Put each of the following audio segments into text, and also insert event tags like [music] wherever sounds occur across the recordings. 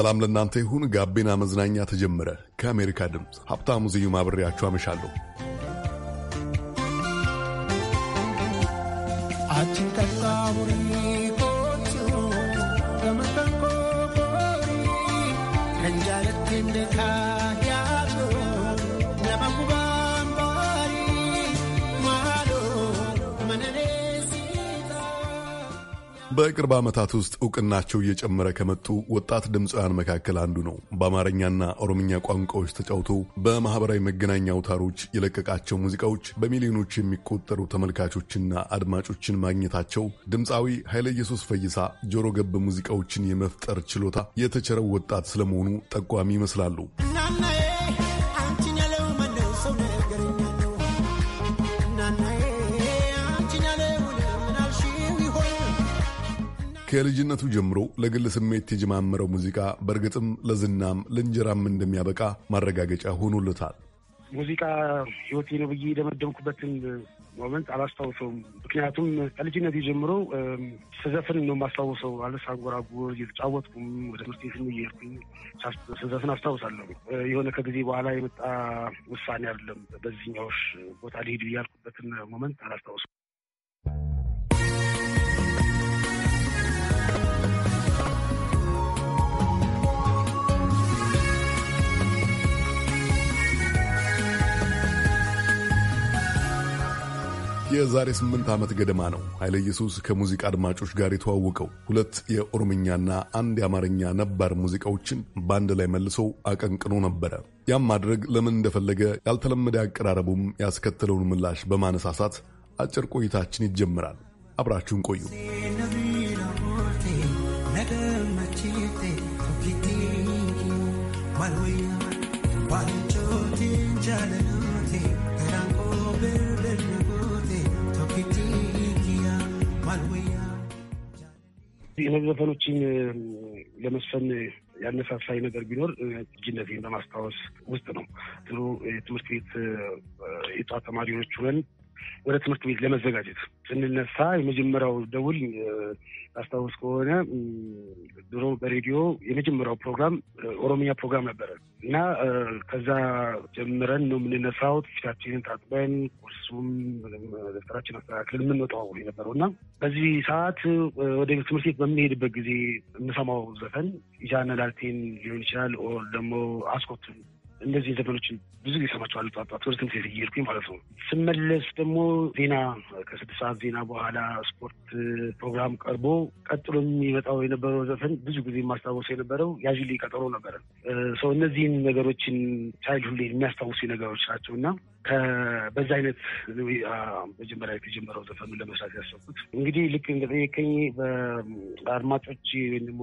ሰላም ለእናንተ ይሁን። ጋቢና መዝናኛ ተጀመረ። ከአሜሪካ ድምፅ ሀብታሙ ዝዩም አብሬያችሁ አመሻለሁ። I think በቅርብ ዓመታት ውስጥ እውቅናቸው እየጨመረ ከመጡ ወጣት ድምፃውያን መካከል አንዱ ነው። በአማርኛና ኦሮምኛ ቋንቋዎች ተጫውቶ በማኅበራዊ መገናኛ አውታሮች የለቀቃቸው ሙዚቃዎች በሚሊዮኖች የሚቆጠሩ ተመልካቾችና አድማጮችን ማግኘታቸው ድምፃዊ ኃይለ ኢየሱስ ፈይሳ ጆሮ ገብ ሙዚቃዎችን የመፍጠር ችሎታ የተቸረው ወጣት ስለመሆኑ ጠቋሚ ይመስላሉ። ከልጅነቱ ጀምሮ ለግል ስሜት የጀማመረው ሙዚቃ በእርግጥም ለዝናም ለእንጀራም እንደሚያበቃ ማረጋገጫ ሆኖለታል። ሙዚቃ ህይወቴ ነው ብዬ የደመደምኩበትን ሞመንት አላስታውሰውም። ምክንያቱም ከልጅነት ጀምሮ ስዘፍን ነው የማስታውሰው። አለስ አንጎራጉር እየተጫወትኩም ወደ ትምህርት ቤት እየሄድኩኝ ስዘፍን አስታውሳለሁ። የሆነ ከጊዜ በኋላ የመጣ ውሳኔ አይደለም። በዚህኛዎች ቦታ ሊሄድ ያልኩበትን ሞመንት አላስታውሰው። የዛሬ ስምንት ዓመት ገደማ ነው ኃይለ ኢየሱስ ከሙዚቃ አድማጮች ጋር የተዋወቀው። ሁለት የኦሮምኛና አንድ የአማርኛ ነባር ሙዚቃዎችን በአንድ ላይ መልሶ አቀንቅኖ ነበረ። ያም ማድረግ ለምን እንደፈለገ ያልተለመደ አቀራረቡም ያስከተለውን ምላሽ በማነሳሳት አጭር ቆይታችን ይጀምራል። አብራችሁን ቆዩ። Why እነዚህ ዘፈኖችን ለመስፈን ያነሳሳይ ነገር ቢኖር ልጅነቴን በማስታወስ ውስጥ ነው። ጥሩ ትምህርት ቤት የጠዋ ተማሪዎች ሆነን ወደ ትምህርት ቤት ለመዘጋጀት ስንነሳ የመጀመሪያው ደውል አስታውስ ከሆነ ድሮ በሬዲዮ የመጀመሪያው ፕሮግራም ኦሮሚያ ፕሮግራም ነበረ እና ከዛ ጀምረን ነው የምንነሳው። ፊታችንን ታጥበን ቁርሱም ደብተራችን አስተካክለን የምንወጣው የነበረው እና በዚህ ሰዓት ወደ ትምህርት ቤት በምንሄድበት ጊዜ የምሰማው ዘፈን ኢጃነ ላልቴን ሊሆን ይችላል ኦር ደግሞ አስኮትን እነዚህ ዘፈኖችን ብዙ ጊዜ ሰማቸዋለሁ። ጧጧት ወደ ትምህርት ቤት እየሄድኩኝ ማለት ነው። ስመለስ ደግሞ ዜና ከስድስት ሰዓት ዜና በኋላ ስፖርት ፕሮግራም ቀርቦ ቀጥሎ የሚመጣው የነበረው ዘፈን ብዙ ጊዜ የማስታወሰው የነበረው ያዥሌ ቀጠሮ ነበረ። ሰው እነዚህን ነገሮችን ቻይልድ ሁሌ የሚያስታውሱ ነገሮች ናቸው እና በዛ አይነት መጀመሪያ የተጀመረው ዘፈኑ ለመስራት ያሰብኩት እንግዲህ ልክ እንደጠየቀኝ በአድማጮች ወይም ደግሞ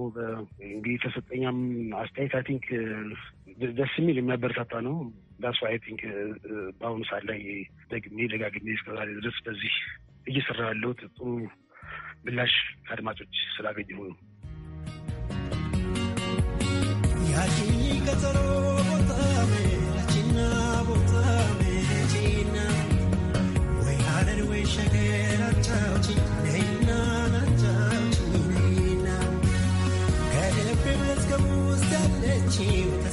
እንግዲህ ተሰጠኛም አስተያየት አይ ቲንክ ደስ የሚል የሚያበረታታ ነው። ዳስ አይ ቲንክ በአሁኑ ሰዓት ላይ ደግሜ ደጋግሜ እስከዛሬ ድረስ በዚህ እየሰራ ያለሁት ጥሩ ምላሽ አድማጮች ስላገኘሁ ሆኑ Thank you.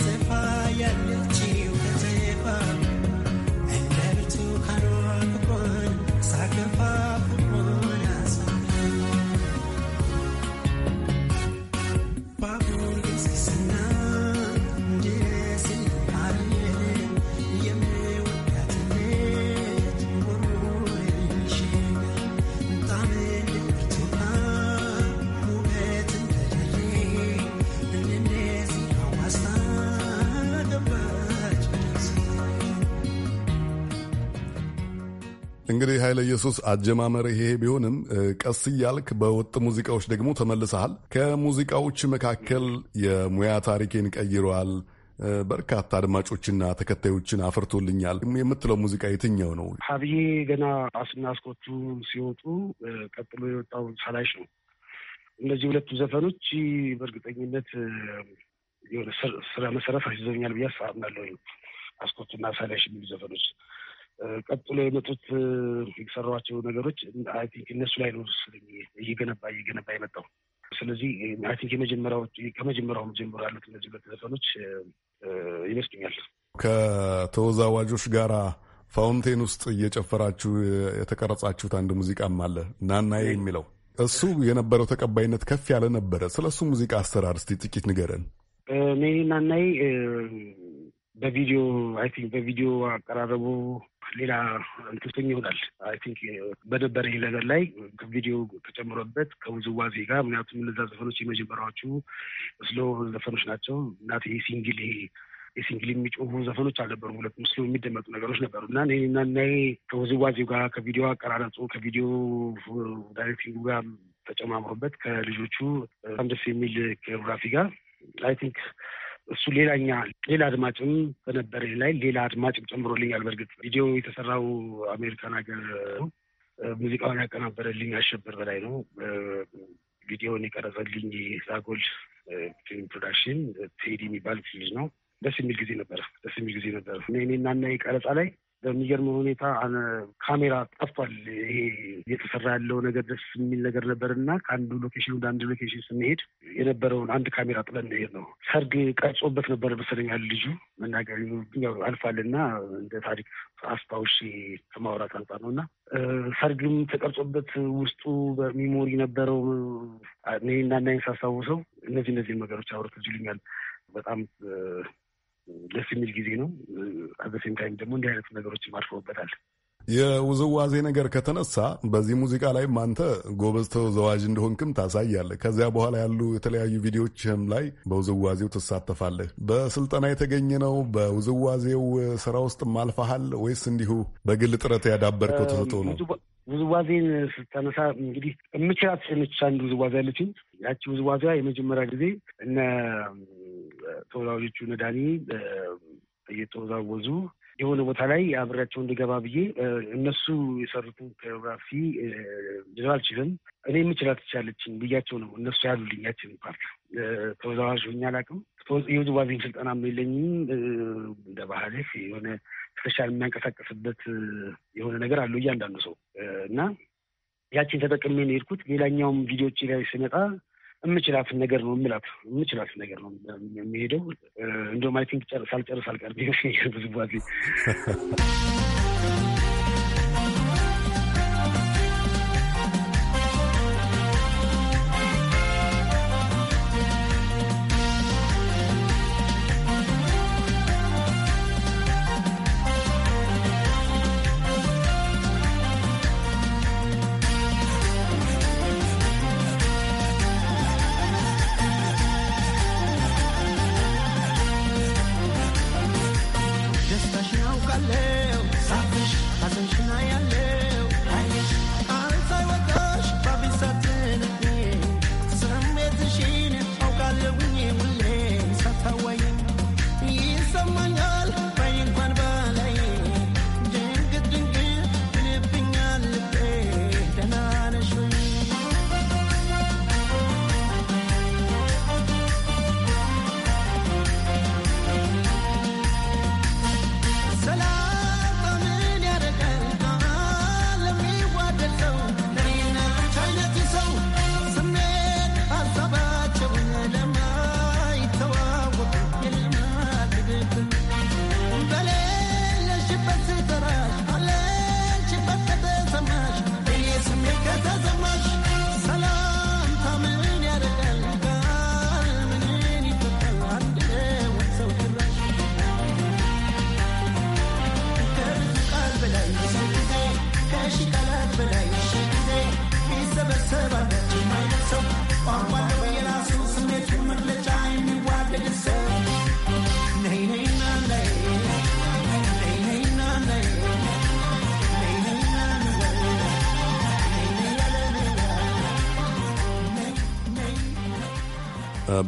እንግዲህ ኃይለ ኢየሱስ አጀማመር ይሄ ቢሆንም ቀስ እያልክ በወጥ ሙዚቃዎች ደግሞ ተመልሰሃል። ከሙዚቃዎች መካከል የሙያ ታሪኬን ቀይረዋል፣ በርካታ አድማጮችና ተከታዮችን አፍርቶልኛል የምትለው ሙዚቃ የትኛው ነው? ሀብዬ ገና አስናስኮቹ ሲወጡ ቀጥሎ የወጣው ሰላሽ ነው። እነዚህ ሁለቱ ዘፈኖች በእርግጠኝነት የሆነ ስራ መሰረት አስይዘውኛል ብዬ አስባለሁ። አስኮቱና ሰላሽ የሚሉ ዘፈኖች ቀጥሎ የመጡት የሰሯቸው ነገሮች አይ ቲንክ እነሱ ላይ ነው እየገነባ እየገነባ የመጣው። ስለዚህ አይ ቲንክ የመጀመሪያዎች ከመጀመሪያውም ጀምሮ ያሉት እነዚህ ሁለት ዘፈኖች ይመስሉኛል። ከተወዛዋዦች ጋር ፋውንቴን ውስጥ እየጨፈራችሁ የተቀረጻችሁት አንድ ሙዚቃም አለ ናናዬ የሚለው እሱ የነበረው ተቀባይነት ከፍ ያለ ነበረ። ስለ እሱ ሙዚቃ አሰራር እስቲ ጥቂት ንገረን። እኔ ናናዬ በቪዲዮ አይ ቲንክ በቪዲዮ አቀራረቡ ሌላ እንትስኝ ይሆናል። አይ ቲንክ በነበረኝ ነገር ላይ ከቪዲዮ ተጨምሮበት ከውዝዋዜ ጋር ምክንያቱም እነዛ ዘፈኖች የመጀመሪያዎቹ ስሎ ዘፈኖች ናቸው እናት ሲንግል የሲንግል የሚጮሁ ዘፈኖች አልነበሩ። ሁለት ምስሉ የሚደመጡ ነገሮች ነበሩ እና እና ና ከውዝዋዜው ጋር ከቪዲዮ አቀራረጹ ከቪዲዮ ዳይሬክቲንጉ ጋር ተጨማምሮበት ከልጆቹ በጣም ደስ የሚል ኮሪዮግራፊ ጋር አይ ቲንክ እሱ ሌላኛ ሌላ አድማጭም በነበረ ላይ ሌላ አድማጭም ጨምሮልኛል። በእርግጥ ቪዲዮ የተሰራው አሜሪካን ሀገር ሙዚቃውን ያቀናበረልኝ አሸበር በላይ ነው። ቪዲዮን የቀረጸልኝ ዛጎል ፊልም ፕሮዳክሽን ቴዲ የሚባል ልጅ ነው። ደስ የሚል ጊዜ ነበረ። ደስ የሚል ጊዜ ነበረ። እኔ እናና ቀረጻ ላይ በሚገርም ሁኔታ ካሜራ ጠፍቷል። ይሄ እየተሰራ ያለው ነገር ደስ የሚል ነገር ነበር እና ከአንዱ ሎኬሽን ወደ አንድ ሎኬሽን ስንሄድ የነበረውን አንድ ካሜራ ጥለን ሄድ ነው። ሰርግ ቀርጾበት ነበር መሰለኛል ልጁ መናገር አልፋል እና እንደ ታሪክ አስታውሽ ከማውራት አንጻር ነው እና ሰርግም ተቀርጾበት ውስጡ በሚሞሪ ነበረው እና እናይን ሳስታውሰው እነዚህ እነዚህ ነገሮች አውረት ልጅ ልኛል በጣም ደስ የሚል ጊዜ ነው። አዘሴም ታይም ደግሞ እንዲህ አይነት ነገሮች አልፈውበታል። የውዝዋዜ ነገር ከተነሳ በዚህ ሙዚቃ ላይ አንተ ጎበዝ ተወዛዋዥ እንደሆንክም ታሳያለህ። ከዚያ በኋላ ያሉ የተለያዩ ቪዲዮችም ላይ በውዝዋዜው ትሳተፋለህ። በስልጠና የተገኘ ነው? በውዝዋዜው ስራ ውስጥ ማልፈሃል ወይስ እንዲሁ በግል ጥረት ያዳበርከው ተሰጥኦ ነው? ውዝዋዜን ስታነሳ እንግዲህ የምችላት ነች። አንድ ውዝዋዜ አለችኝ። ያቺ ውዝዋዜዋ የመጀመሪያ ጊዜ እነ ተወላጆቹ ነዳኒ እየተወዛወዙ የሆነ ቦታ ላይ አብሬያቸው እንድገባ ብዬ እነሱ የሰሩትን ኮሪዮግራፊ ልለው አልችልም፣ እኔ የምችላ ትችላለችን ብያቸው ነው እነሱ ያሉልኝ ያችን ፓርት። ተወዛዋዥ ሆኜ አላውቅም። የውዝዋዜን ስልጠና የለኝም። እንደ ባህልህ የሆነ ስፔሻል የሚያንቀሳቀስበት የሆነ ነገር አለው እያንዳንዱ ሰው እና ያችን ተጠቅሜ ነው የሄድኩት። ሌላኛውም ቪዲዮዎች ላይ ስመጣ የምችላትን ነገር ነው የምላት የምችላትን ነገር ነው የሚሄደው። እንደውም አይ ቲንክ ሳልጨርስ አልቀርም ብዙ ጊዜ [laughs]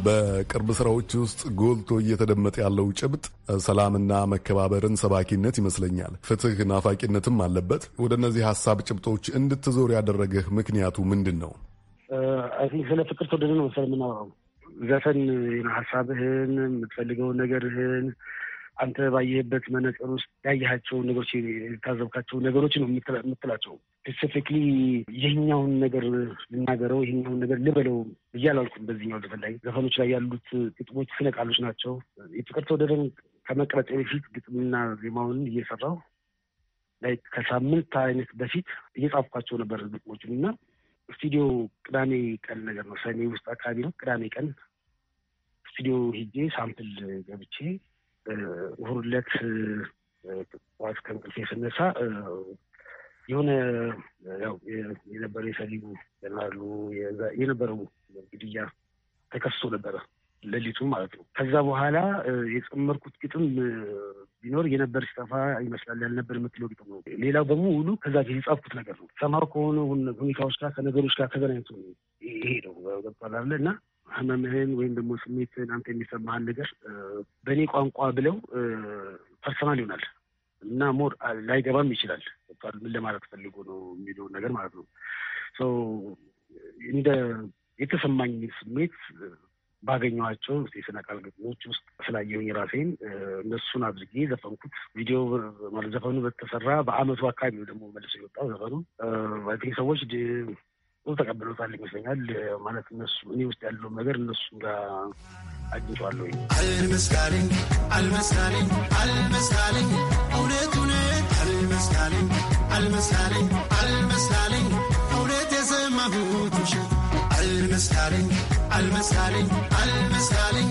በቅርብ ስራዎች ውስጥ ጎልቶ እየተደመጠ ያለው ጭብጥ ሰላምና መከባበርን ሰባኪነት ይመስለኛል። ፍትህ ናፋቂነትም አለበት። ወደ እነዚህ ሀሳብ ጭብጦች እንድትዞር ያደረገህ ምክንያቱ ምንድን ነው? ስለ ፍቅር ተወደደ ነው መሰለህ የምናወራው። ዘፈን ሀሳብህን፣ የምትፈልገውን ነገርህን አንተ ባየህበት መነጽር ውስጥ ያየሃቸውን ነገሮች የታዘብካቸው ነገሮች ነው የምትላቸው ስፔሲፊክሊ ይህኛውን ነገር ልናገረው ይህኛውን ነገር ልበለው እያላልኩም። በዚህኛው ዘፈን ላይ ዘፈኖች ላይ ያሉት ግጥሞች ስነ ቃሎች ናቸው። የፍቅር ተወደደን ከመቅረጽ በፊት ግጥምና ዜማውን እየሰራው ላይ ከሳምንት አይነት በፊት እየጻፍኳቸው ነበር ግጥሞችን እና ስቱዲዮ ቅዳሜ ቀን ነገር ነው፣ ሰኔ ውስጥ አካባቢ ነው። ቅዳሜ ቀን ስቱዲዮ ሂጄ ሳምፕል ገብቼ እሑድ ዕለት ጠዋት ከእንቅልፌ ስነሳ የሆነ ያው የነበረው የሰሊቡ ሉ የነበረው ግድያ ተከስቶ ነበረ ሌሊቱ ማለት ነው። ከዛ በኋላ የጨመርኩት ግጥም ቢኖር የነበር ሲጠፋ ይመስላል ያልነበር የምትለው ግጥም ነው። ሌላው በሙሉ ከዛ ጊዜ የጻፍኩት ነገር ነው። ተማር ከሆነ ሁኔታዎች ጋር ከነገሮች ጋር ተገናኝቶ ይሄ ነው ገባላለ እና ህመምህን ወይም ደግሞ ስሜት አንተ የሚሰማህን ነገር በእኔ ቋንቋ ብለው ፐርሰናል ይሆናል እና ሞር ላይገባም ይችላል ይመጣሉ። ምን ለማለት ፈልጎ ነው የሚለውን ነገር ማለት ነው። እንደ የተሰማኝ ስሜት ባገኘኋቸው የስነ ቃል ግጥሞች ውስጥ ስላየሁኝ ራሴን እነሱን አብዝጌ ዘፈንኩት። ቪዲዮ ማለት ዘፈኑ በተሰራ በአመቱ አካባቢ ደግሞ መልሶ የወጣው ዘፈኑ። አይ ሰዎች ጥሩ ተቀብሎታል ይመስለኛል። ማለት እነሱ እኔ ውስጥ ያለውን ነገር እነሱ ጋር አግኝቷለሁ። አልመስካሌ አልመስካሌ አልመስካሌ እውነቱ አልመሳለኝ አልመሳለኝ አልመሳለኝ እውነት የሰማሁት ውሸት አልመሳለኝ አልመሳለኝ አልመሳለኝ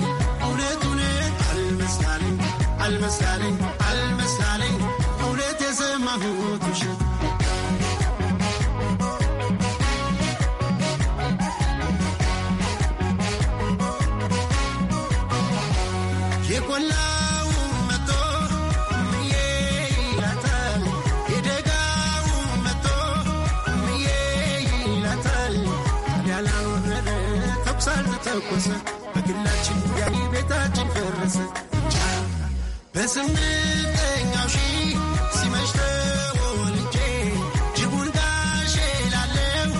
እውነት እውነት አልመሳለኝ አልመሳለኝ አልመሳለኝ እውነት የሰማሁት ውሸት የቆላ ተኮሰ በግላችን ያኔ ቤታችን ፈረሰ በስምንተኛው ሺ ሲመሽ ተወልጄ ጅቡን ጋሼ ላለው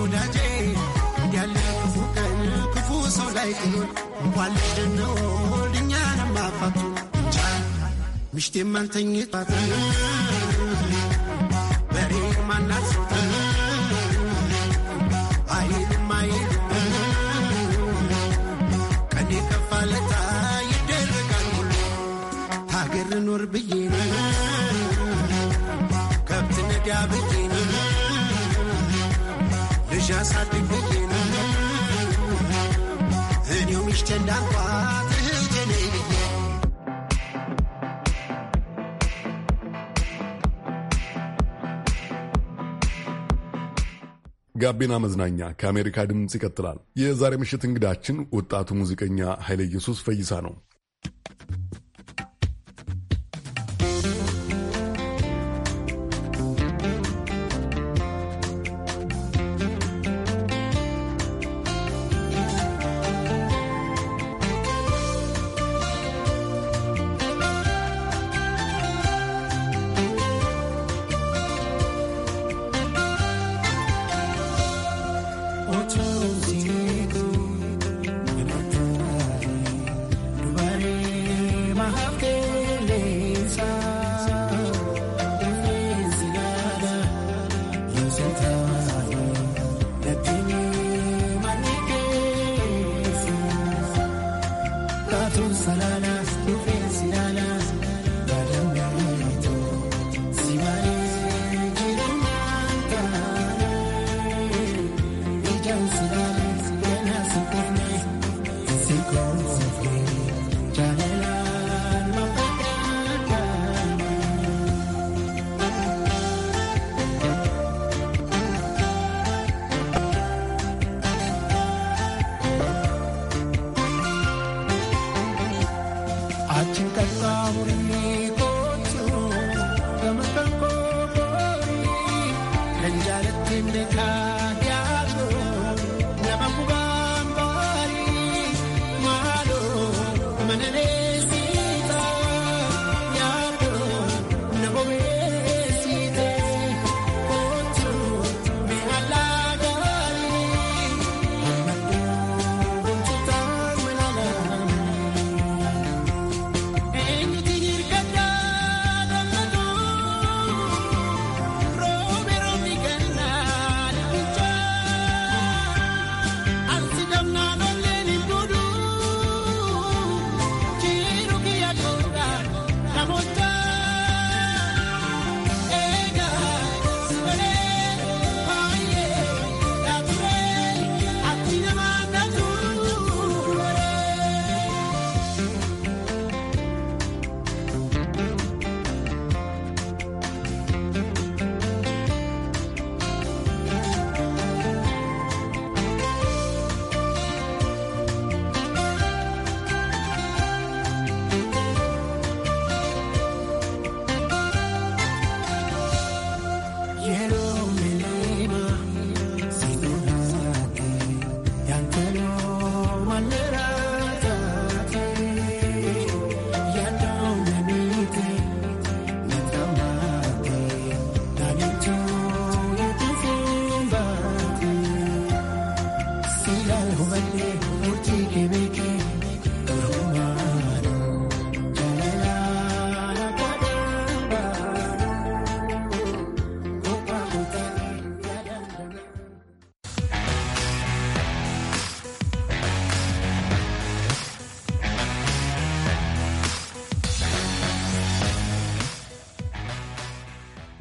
ወዳጄ ክፉ ቀን ክፉ ሰው ላይ ጥሎን እንኳን ልጅ ደነው አፋቱ ምሽቴ ሲያሳድጉብን ጋቢና መዝናኛ ከአሜሪካ ድምፅ ይቀጥላል። የዛሬ ምሽት እንግዳችን ወጣቱ ሙዚቀኛ ኃይለ ኢየሱስ ፈይሳ ነው።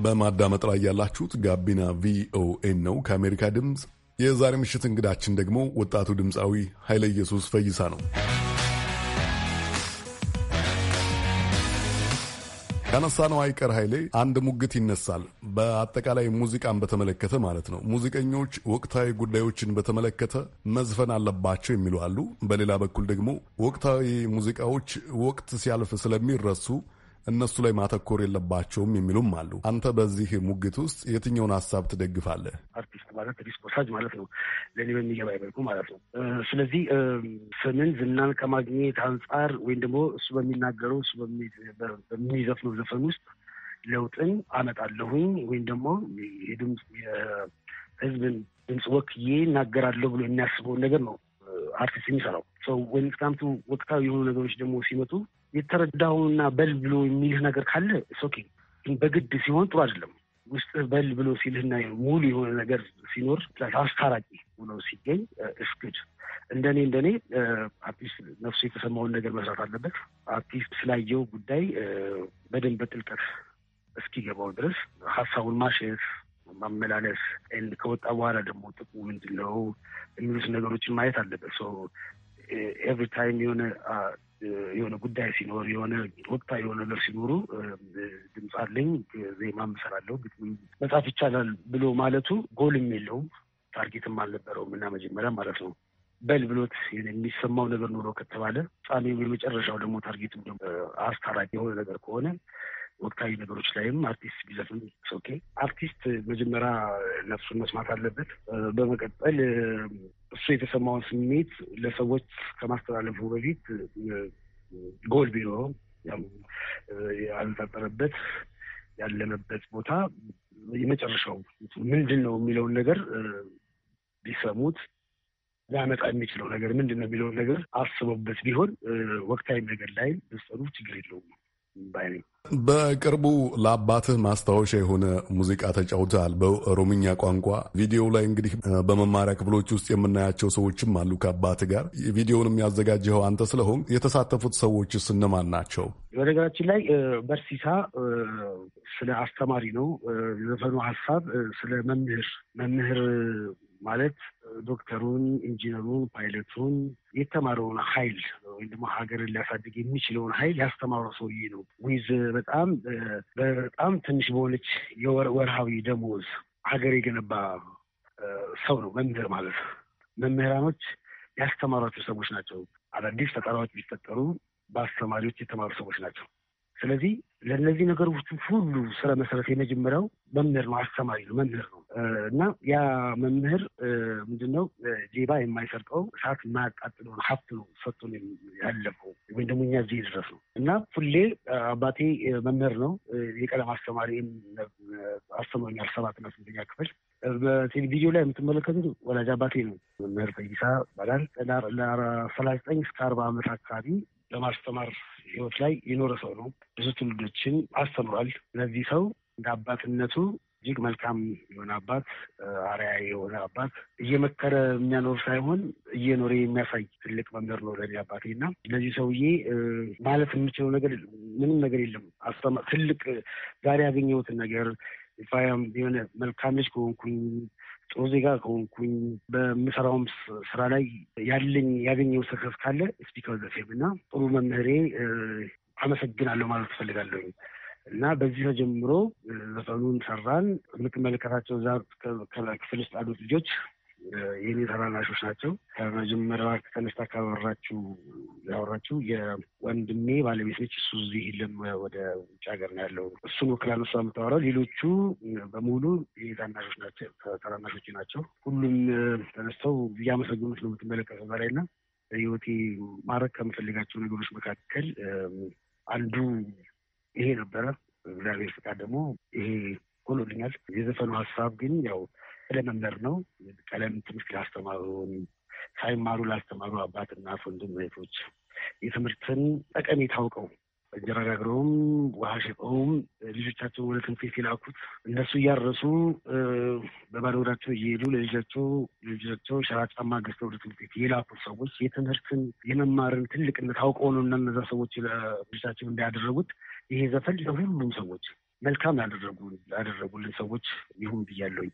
በማዳመጥ ላይ ያላችሁት ጋቢና ቪኦኤን ነው ከአሜሪካ ድምፅ። የዛሬ ምሽት እንግዳችን ደግሞ ወጣቱ ድምፃዊ ኃይለ ኢየሱስ ፈይሳ ነው። ነው አይቀር ኃይሌ አንድ ሙግት ይነሳል። በአጠቃላይ ሙዚቃን በተመለከተ ማለት ነው። ሙዚቀኞች ወቅታዊ ጉዳዮችን በተመለከተ መዝፈን አለባቸው የሚሉ አሉ። በሌላ በኩል ደግሞ ወቅታዊ ሙዚቃዎች ወቅት ሲያልፍ ስለሚረሱ እነሱ ላይ ማተኮር የለባቸውም የሚሉም አሉ። አንተ በዚህ ሙግት ውስጥ የትኛውን ሀሳብ ትደግፋለህ? አርቲስት ማለት ሪስክ ማለት ነው፣ ለእኔ በሚገባ ይበልኩ ማለት ነው። ስለዚህ ስምን ዝናን ከማግኘት አንጻር ወይም ደግሞ እሱ በሚናገረው እሱ በሚዘፍነው ዘፈን ውስጥ ለውጥን አመጣለሁኝ ወይም ደግሞ የድምፅ የህዝብን ድምፅ ወክዬ እናገራለሁ ብሎ የሚያስበውን ነገር ነው አርቲስት የሚሰራው ሰው ወይም ወቅታዊ የሆኑ ነገሮች ደግሞ ሲመጡ የተረዳውና በል ብሎ የሚልህ ነገር ካለ ሶኬ በግድ ሲሆን ጥሩ አይደለም። ውስጥ በል ብሎ ሲልህና ሙሉ የሆነ ነገር ሲኖር አስታራቂ ሆኖ ሲገኝ እስክድ uh, እንደኔ እንደኔ አርቲስት uh, ነፍሱ የተሰማውን ነገር መስራት አለበት። አርቲስት ስላየው ጉዳይ uh, በደንብ በጥልቀት እስኪገባው ድረስ ሀሳቡን ማሸት ማመላለስ ከወጣ በኋላ ደግሞ ጥቅሙ ምንድን ነው የሚሉት ነገሮችን ማየት አለበት። ኤቭሪ ታይም የሆነ የሆነ ጉዳይ ሲኖር የሆነ ወቅታ የሆነ ነገር ሲኖሩ ድምፅ አለኝ፣ ዜማ ምሰራለሁ፣ ግጥም መጻፍ ይቻላል ብሎ ማለቱ ጎልም የለውም ታርጌትም አልነበረውም እና መጀመሪያ ማለት ነው በል ብሎት የሚሰማው ነገር ኖሮ ከተባለ ፍጻሜው የመጨረሻው ደግሞ ታርጌትም ደግሞ አስታራቂ የሆነ ነገር ከሆነ ወቅታዊ ነገሮች ላይም አርቲስት ቢዘፍን ኦኬ፣ አርቲስት መጀመሪያ ነፍሱን መስማት አለበት። በመቀጠል እሱ የተሰማውን ስሜት ለሰዎች ከማስተላለፉ በፊት ጎል ቢኖረው ያልታጠረበት ያለመበት ቦታ የመጨረሻው ምንድን ነው የሚለውን ነገር ቢሰሙት ሊያመጣ የሚችለው ነገር ምንድን ነው የሚለውን ነገር አስበውበት ቢሆን ወቅታዊ ነገር ላይ መስጠቱ ችግር የለውም። በቅርቡ ለአባትህ ማስታወሻ የሆነ ሙዚቃ ተጫውተሃል በሮምኛ ቋንቋ። ቪዲዮ ላይ እንግዲህ በመማሪያ ክፍሎች ውስጥ የምናያቸው ሰዎችም አሉ ከአባትህ ጋር። ቪዲዮውንም ያዘጋጀኸው አንተ ስለሆን የተሳተፉት ሰዎችስ እነማን ናቸው? በነገራችን ላይ በርሲሳ ስለ አስተማሪ ነው ዘፈኑ ሀሳብ ስለ መምህር መምህር ማለት ዶክተሩን፣ ኢንጂነሩን፣ ፓይለቱን የተማረውን ኃይል ወይም ደግሞ ሀገርን ሊያሳድግ የሚችለውን ኃይል ያስተማረው ሰውዬ ነው። ዊዝ በጣም በጣም ትንሽ በሆነች የወርሃዊ ደሞዝ ሀገር የገነባ ሰው ነው መምህር ማለት። መምህራኖች ያስተማሯቸው ሰዎች ናቸው። አዳዲስ ፈጠራዎች ቢፈጠሩ በአስተማሪዎች የተማሩ ሰዎች ናቸው። ስለዚህ ለእነዚህ ነገሮች ሁሉ ስረ መሰረት የመጀመሪያው መምህር ነው፣ አስተማሪ ነው፣ መምህር ነው እና ያ መምህር ምንድን ነው ሌባ የማይሰርቀው እሳት የማያቃጥለውን ሀብት ነው ሰጡን ያለፈው ወይም ደግሞ እኛ እዚህ ድረስ ነው እና ሁሌ አባቴ መምህር ነው፣ የቀለም አስተማሪ አስተምሮኛል፣ ሰባትና ስምንተኛ ክፍል። በቴሌቪዥን ላይ የምትመለከቱት ወላጅ አባቴ ነው፣ መምህር ፈይሳ ይባላል። ለሰላሳ ዘጠኝ እስከ አርባ ዓመት አካባቢ በማስተማር ህይወት ላይ የኖረ ሰው ነው። ብዙ ትውልዶችን አስተምሯል። ለዚህ ሰው እንደ አባትነቱ እጅግ መልካም የሆነ አባት፣ አርያ የሆነ አባት፣ እየመከረ የሚያኖር ሳይሆን እየኖረ የሚያሳይ ትልቅ መምህር ነው ለእኔ አባቴ እና ለዚህ ሰውዬ ማለት የምችለው ነገር ምንም ነገር የለም። ትልቅ ዛሬ ያገኘሁትን ነገር የሆነ መልካም ልጅ ከሆንኩኝ ጥሩ ዜጋ ከሆንኩኝ በምሰራውም ስራ ላይ ያለኝ ያገኘው ስርከስ ካለ ስፒከር ዘፌም እና ጥሩ መምህሬ አመሰግናለሁ ማለት ትፈልጋለሁኝ እና በዚህ ተጀምሮ ዘፈኑን ሰራን። የምትመለከታቸው እዛ ክፍል ውስጥ አሉት ልጆች የኔ ታናናሾች ናቸው። ከመጀመሪያ ተነስታ ካወራችው ያወራችው የወንድሜ ባለቤት ነች። እሱ እዚህ ለም ወደ ውጭ ሀገር ነው ያለው። እሱን ወክላ ነው እሷ የምታወራው። ሌሎቹ በሙሉ ታናሾች ናቸው፣ ታናናሾች ናቸው። ሁሉም ተነስተው እያመሰግኑት ነው የምትመለከተው በላይ ና ህይወቴ ማድረግ ከምፈልጋቸው ነገሮች መካከል አንዱ ይሄ ነበረ። እግዚአብሔር ፍቃድ ደግሞ ይሄ ሆኖልኛል። የዘፈኑ ሀሳብ ግን ያው ስለ መምህር ነው። ቀለም ትምህርት ላስተማሩን፣ ሳይማሩ ላስተማሩ አባትና ወንድም እህቶች የትምህርትን ጠቀሜታ አውቀው እንጀራ ጋግረውም ውሃ ሸቀውም ልጆቻቸው ወደ ትምህርት ቤት የላኩት እነሱ እያረሱ በባዶ እግራቸው እየሄዱ ለልጃቸው ልጆቻቸው ሸራ ጫማ ገዝተው ወደ ትምህርት ቤት የላኩት ሰዎች የትምህርትን የመማርን ትልቅነት አውቀው ነው እና እነዛ ሰዎች ልጆቻቸው እንዳያደረጉት ይሄ ዘፈን ለሁሉም ሰዎች መልካም ያደረጉ ያደረጉልን ሰዎች ይሁን ብያለሁኝ።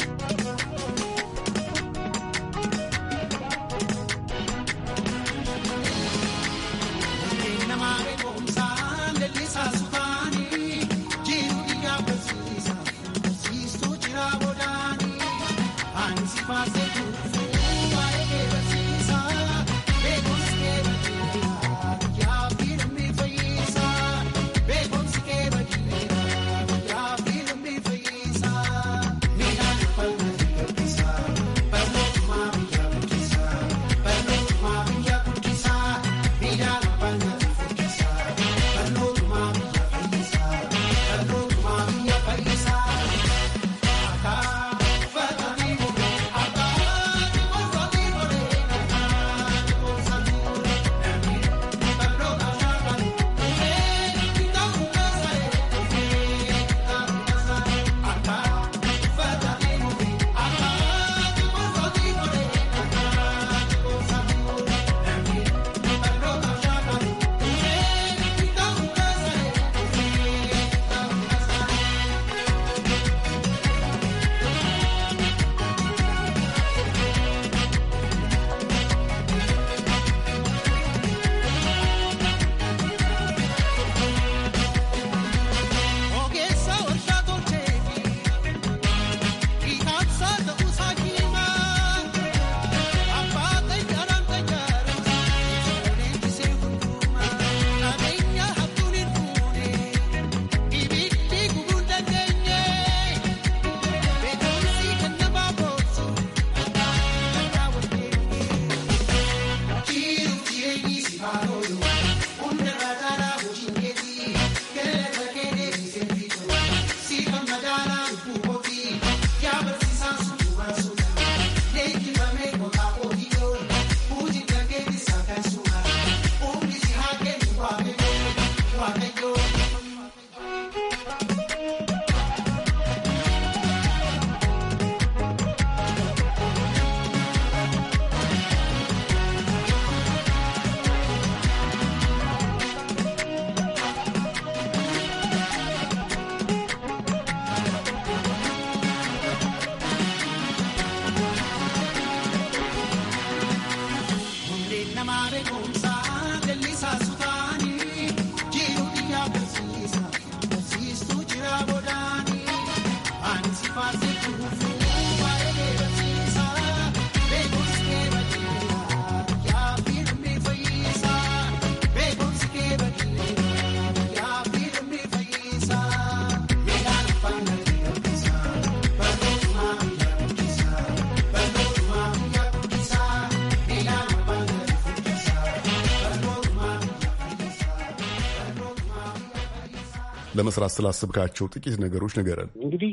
ለመስራት ስላስብካቸው ጥቂት ነገሮች ንገረን። እንግዲህ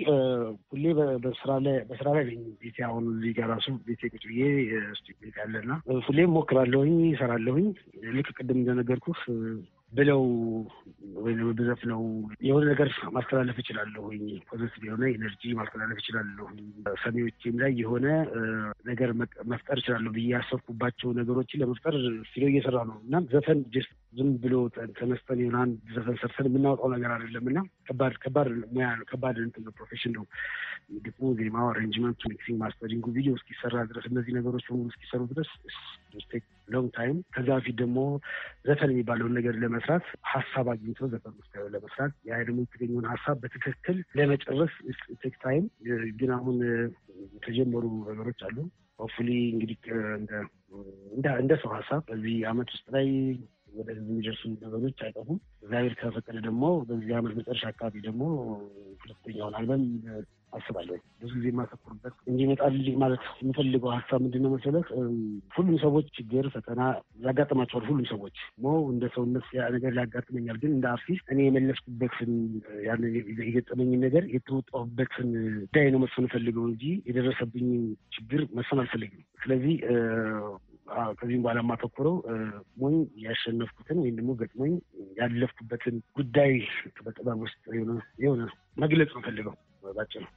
ሁሌ በስራ ላይ በስራ ላይ ነኝ። ቤቴ አሁን እዚህ ጋር እራሱ ቤቴ ቁጭ ብዬ ስቱዲዮ ያለና ሁሌ ሞክራለሁኝ፣ ይሰራለሁኝ። ልክ ቅድም እንደነገርኩህ ብለው ወይም ብዘፍ ነው የሆነ ነገር ማስተላለፍ እችላለሁኝ። ፖዘቲቭ የሆነ ኤነርጂ ማስተላለፍ እችላለሁኝ። ሰሚዎችም ላይ የሆነ ነገር መፍጠር እችላለሁ ብዬ ያሰብኩባቸው ነገሮችን ለመፍጠር ስለው እየሰራ ነው እና ዘፈን ጀስት ዝም ብሎ ተመስጠን የሆነ አንድ ዘፈን ሰርተን የምናወጣው ነገር አይደለም እና ከባድ ከባድ ሙያ ነው። ከባድ እንትን ነው፣ ፕሮፌሽን ነው። ግጥሙ፣ ዜማው፣ አሬንጅመንቱ፣ ሚክሲንግ፣ ማስተሪንጉ፣ ቪዲዮ እስኪሰራ ድረስ እነዚህ ነገሮች በሙሉ እስኪሰሩ ድረስ ሎንግ ታይም። ከዛ በፊት ደግሞ ዘፈን የሚባለውን ነገር ለመስራት ሀሳብ አግኝቶ ዘፈን ውስጥ ለመስራት ያ ደግሞ የተገኘውን ሀሳብ በትክክል ለመጨረስ ቴክ ታይም። ግን አሁን የተጀመሩ ነገሮች አሉ። ሆፕፉሊ እንግዲህ እንደ ሰው ሀሳብ በዚህ አመት ውስጥ ላይ ወደ ህዝብ የሚደርሱ ነገሮች አይጠፉም። እግዚአብሔር ከፈቀደ ደግሞ በዚህ ዓመት መጨረሻ አካባቢ ደግሞ ሁለተኛውን አልበም አስባለሁ። ብዙ ጊዜ የማተኩርበት እንዲመጣ ልጅ ማለት የምፈልገው ሀሳብ ምንድን ነው መሰለህ? ሁሉም ሰዎች ችግር፣ ፈተና ያጋጥማቸዋል። ሁሉም ሰዎች ሞ እንደ ሰውነት ነገር ሊያጋጥመኛል። ግን እንደ አርቲስት እኔ የመለስኩበትን ያንን የገጠመኝን ነገር የተወጣሁበትን ጉዳይ ነው መስፈን ፈልገው እንጂ የደረሰብኝ ችግር መስፈን አልፈልግም። ስለዚህ ከዚህም በኋላ ማተኮረው ሞኝ ያሸነፍኩትን ወይም ደግሞ ገጥሞኝ ያለፍኩበትን ጉዳይ በጥበብ ውስጥ የሆነ መግለጽ ነው ፈልገው ባጭ ነው።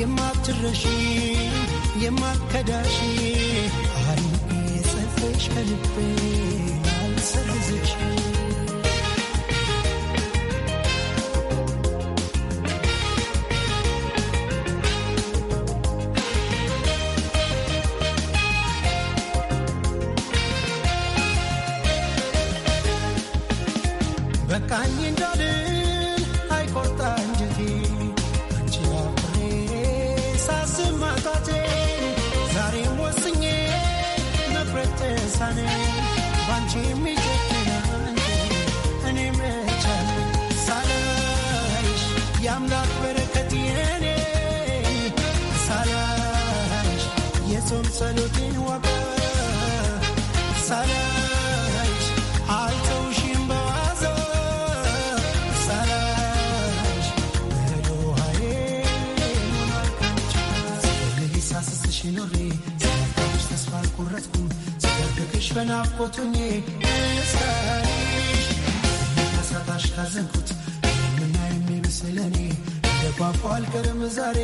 የማትረሺ የማከዳሽ አርቤ ጽፈሽ ከልቤ አልሰርዝሽ ናፍቆቱኝ ሳይሽ ካዘንኩት ምና የሚመስለኔ እንደ አልቀርም ዛሬ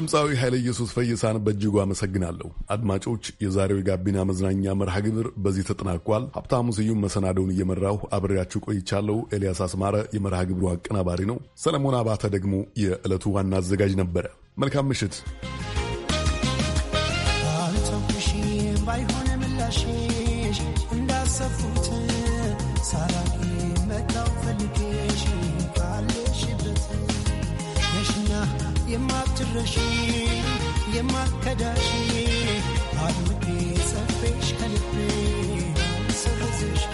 ድምፃዊ ኃይለ ኢየሱስ ፈይሳን በእጅጉ አመሰግናለሁ። አድማጮች፣ የዛሬው የጋቢና መዝናኛ መርሃ ግብር በዚህ ተጠናቋል። ሀብታሙ ስዩም መሰናደውን እየመራሁ አብሬያችሁ ቆይቻለሁ። ኤልያስ አስማረ የመርሃ ግብሩ አቀናባሪ ነው። ሰለሞን አባተ ደግሞ የዕለቱ ዋና አዘጋጅ ነበረ። መልካም ምሽት። የማትረሺ የማከዳሽ አድምቄ ጸፌሽ ከልቤ ሰረዝሽ